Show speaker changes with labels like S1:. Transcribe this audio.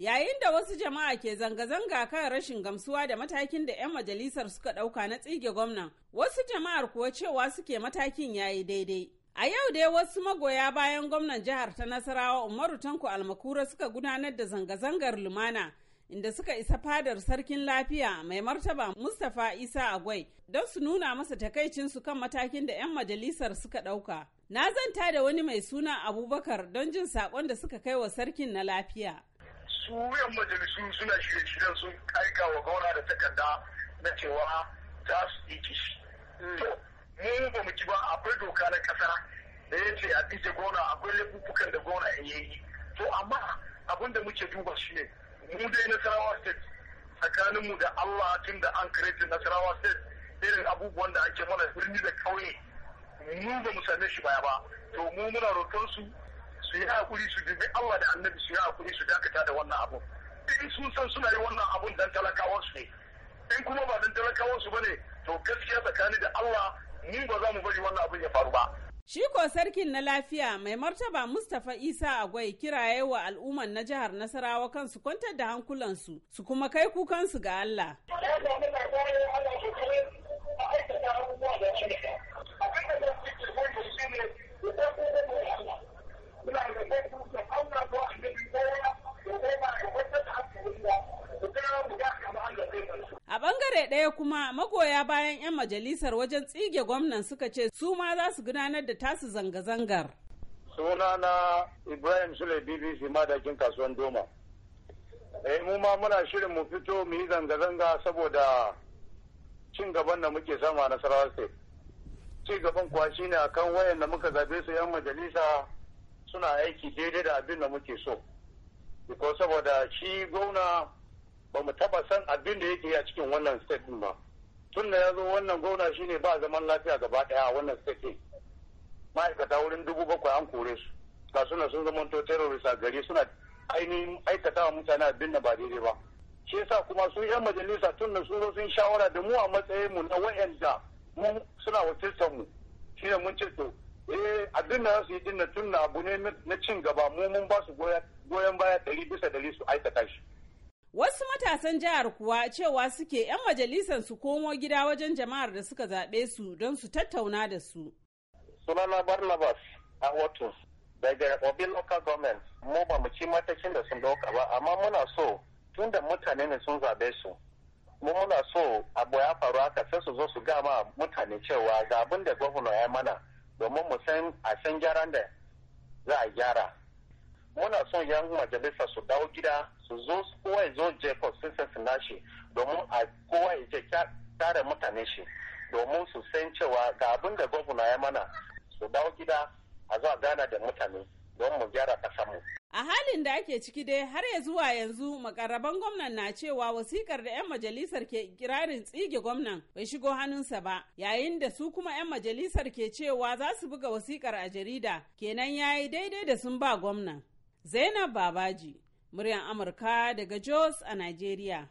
S1: Yayin da wasu jama'a ke zanga-zanga kan rashin gamsuwa da matakin da 'yan majalisar suka ɗauka na tsige gwamnan, wasu jama'ar kuwa cewa suke matakin yayi daidai. A yau dai wasu magoya bayan gwamnan jihar ta Nasarawa Umaru Tanko Almakura suka gudanar da zanga-zangar lumana inda suka isa fadar sarkin lafiya mai martaba Mustapha Isa Agwai don su nuna masa takaicinsu kan matakin da 'yan majalisar suka ɗauka. Na zanta da wani mai suna Abubakar don jin saƙon da suka kai wa sarkin na lafiya.
S2: su yan majalisu suna shirye-shiryen sun aika wa gauna da takarda na cewa za su ɗike shi. To, mu ba mu ki ba akwai doka na ƙasa da ya ce a ɗike gona akwai laifukan da gona in yi. To, amma abin da muke duba shi ne, mu dai Nasarawa State mu da Allah tun da an kireti Nasarawa State irin abubuwan da ake mana birni da kauye mu ba mu same shi baya ba. To, mu muna roƙon su su yi hakuri su bibi Allah da annabi su yi hakuri su dakata da wannan abu in sun san suna yi wannan abun dan talakawar su ne in kuma ba dan talakawar su bane to gaskiya tsakani da Allah ni ba za mu bari wannan abun ya faru ba
S1: Shi ko sarkin na lafiya mai martaba Mustapha Isa Agwai kiraye wa al'umman na jihar Nasarawa kan su kwantar da hankulansu su kuma kai kukansu ga Allah. bangare ɗaya kuma magoya bayan 'yan majalisar wajen tsige gwamnan suka ce su ma za su gudanar da tasu zanga-zangar.
S3: suna na Ibrahim Sule BBC madakin kasuwan Doma. Eh mu ma muna shirin mu fito mu yi zanga-zanga saboda cin gaban da muke sama na Sarawa State. Ci gaban kuwa shine akan wayan da muka zabe su 'yan majalisa suna aiki daidai da abin da muke so. Ko saboda shi gwamna ba mu taba san abin da yake a cikin wannan state din ba tun da ya zo wannan gwamna shine ba zaman lafiya gaba daya a wannan state din ma'aikata wurin dubu bakwai an kore su ga suna sun zama to terrorist a gari suna ainihin aikata wa mutane abin da ba daidai ba shi yasa kuma su yan majalisa tun da sun zo sun shawara da mu a matsayin mu na wa'anda mu suna wakiltar mu shi ne mun ce eh abin da su yi din na tun abu ne na cin gaba mu mun ba su goyon baya ɗari bisa ɗari su aikata shi
S1: Wasu matasan jihar kuwa cewa suke 'yan majalisar su komo gida wajen jama'ar da suka zaɓe su don su tattauna da su.
S3: Sunana Barnabas a Watus daga Obi Local Government mu ba mu ci matakin da sun dauka ba amma muna so tun da mutane ne sun zaɓe su. Mu muna so abu ya faru haka sai su zo su gama mutane cewa ga abin da gwamna ya mana domin mu san a san gyaran da za a gyara. Muna son yan majalisa su dawo gida su zo su john jacob sun sassana shi domin a kowa ya je tare mutane shi domin su san cewa ga abin da gwamna ya mana su dawo gida a zuwa gana da mutane don mu gyara mu.
S1: A halin da ake ciki dai har ya zuwa yanzu makarraban gwamnan na cewa wasikar da 'yan majalisar ke ikirarin tsige gwamnan bai shigo hannunsa ba yayin da su kuma 'yan majalisar ke cewa za su buga wasikar a jarida kenan ya yi daidai da sun ba gwamnan. Zainab Babaji, muryan Amurka daga Jos a Najeriya.